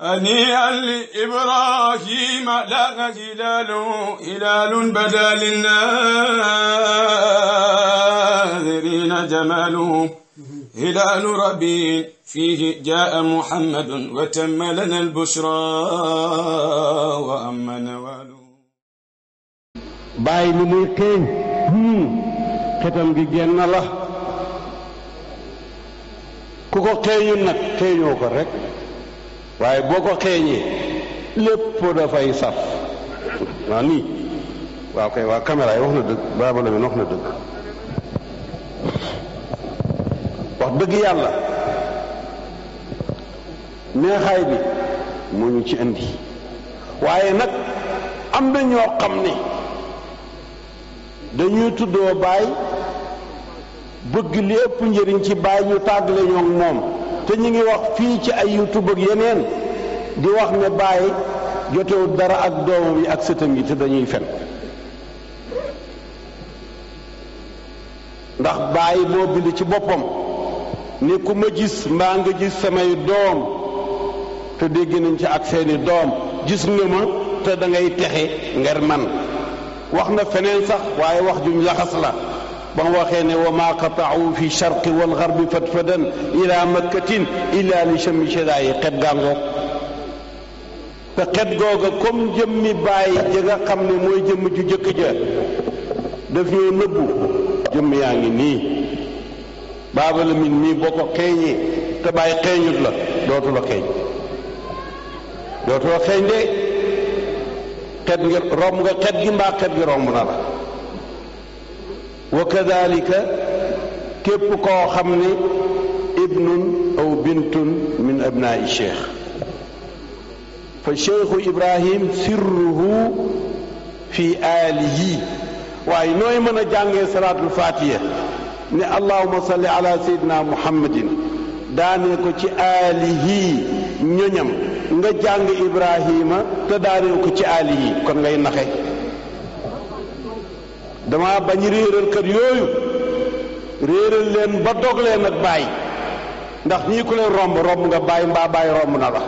هنيئا لإبراهيم لك هلال هلال بدا للناذرين جماله هلال ربي فيه جاء محمد وتم لنا البشرى وأما نواله باي لمي كين كتم جيجينا الله كوكو كينيو نك كينيو كو رك waaye boo ko xeeñee lépp dafay saf waaw nii waaw kay waa caméra yi wax na dëgg baaba la wax na dëgg wax dëgg yàlla neexaay bi moo ci indi waaye nag am na ñoo xam ni dañuy tuddoo baay bëgg li ëpp njëriñ ci baay ñu tàgg ñoo moom te ñu ngi wax fii ci ay youtube yeneen di wax ne bàyyi jotewut dara ak doomam yi ak sëtam yi te dañuy fen ndax bàyyi moo bind ci boppam ne ku ma gis mbaa nga gis samay doom te dégg nañ ci ak seeni doom gis nga ma te dangay texe ngir man wax na feneen sax waaye wax ju laxas la ba mu waxee ne wa maa qataau fi charqi wal garbi fatfadan ila makkatin illa li chami chedaayi xet gaa ngoog te xet googa comme jëmmi bàyyi ja nga xam ne mooy jëmm ju jëkk ja daf ñoo nëbbu jëmm yaa ngi nii baaba la min mii boo ko xeeñee te bàyyi xeeñut la dootul la xeeñ dootu la xeeñ de xet gi romb nga xet gi mbaa xet gi romb na la wa kadalika képp koo xam ni ibnun aw bintun min abnaai cheikh fa cheikhu ibrahim sirruhu fi aalihi waaye nooy mën a jàngee salaatul fatiha ne allahuma salli ala seydina muhammadin daane ko ci aalihi ñoñam nga jàng ibrahima te daane ko ci aalihi kon ngay naxe dama bañ réeral kër yooyu réeral leen ba dog leen ak bàyyi ndax ñii ku leen romb romb nga bàyyi mbaa bàyyi romb na la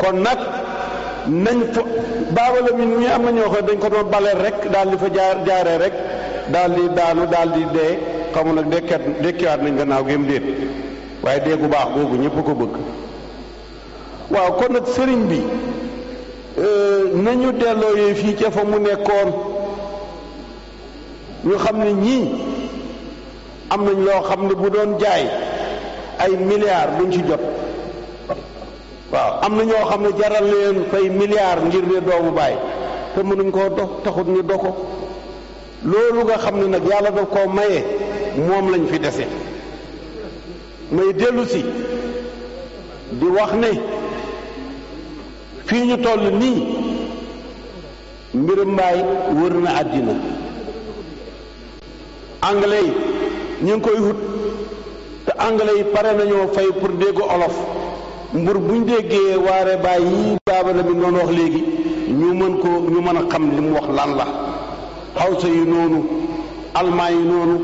kon nag nañ fa baaba la min mi am na ñoo dañ ko doon baleel rek daal di fa jaar jaaree rek daal di daanu daal di dee xamu nag dekkiwaat nañ gannaaw gémm déet waaye dee gu baax googu ñëpp ko bëgg waaw kon nag sëriñ bi euh, nañu delloo yooyu fii ca fa mu nekkoon ñu xam ne ñii am nañ loo xam ne bu doon jaay ay milliards buñ ci jot waaw am na ñoo xam ne jaral leen fay milliards ngir ne doomu baay te mënuñ koo dox taxut ñu do ko loolu nga xam ne nag yàlla daf koo maye moom lañ fi dese may dellusi si di wax ne fii ñu toll nii mbirum mbaay wër na àddina anglais yi ñu ngi koy wut te anglais yi pare nañoo fay pour déggu olof mbur buñ déggee waare baay yi baaba la bi doon wax léegi ñu mën ko ñu mën a xam li mu wax lan la xawsa yi noonu almaañ yi noonu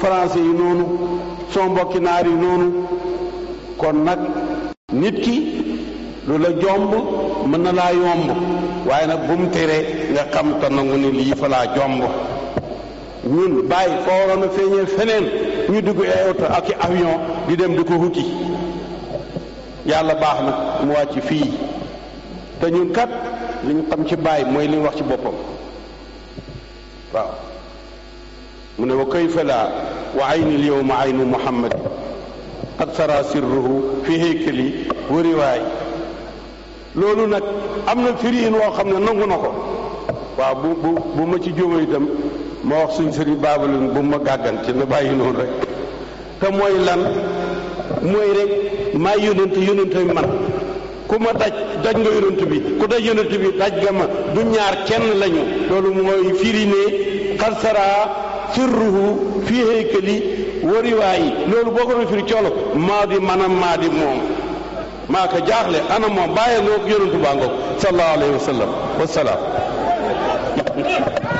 français yi noonu soo mbokki naar yi noonu kon nag nit ki lu la jomb mën na laa yomb waaye nag bu mu teree nga xam te nangu ni lii fa laa jomb ñun bàyyi foo waroon a feeñee feneen ñu dugg ay oto ak i avion di dem di ko wuti yàlla baax na mu wàcc fii te ñun kat li ñu xam ci bàyyi mooy li wax ci boppam waaw mu ne wa kayfa la wa ayni l yowma aynu muhammad qad sara sirruhu fi heykali wa riwaay loolu nag am na firiin woo xam ne nangu na ko waaw bu bu bu ma ci jóoma itam ma wax suñ sëriñ bu ma gàggan na bàyyi noonu rek te mooy lan mooy rek maa yónent yónent man ku ma daj daj nga yónent bi ku daj yónent bi daj nga ma du ñaar kenn lañu loolu mooy firi ne xarsara firruhu fii haykali wa riwaayi loolu boo ko doon firi coolo maa di manam maa di moom maa ko jaaxle ana moom bàyyi ngoog yónent baa ngoog sallallahu alayhi wa sallam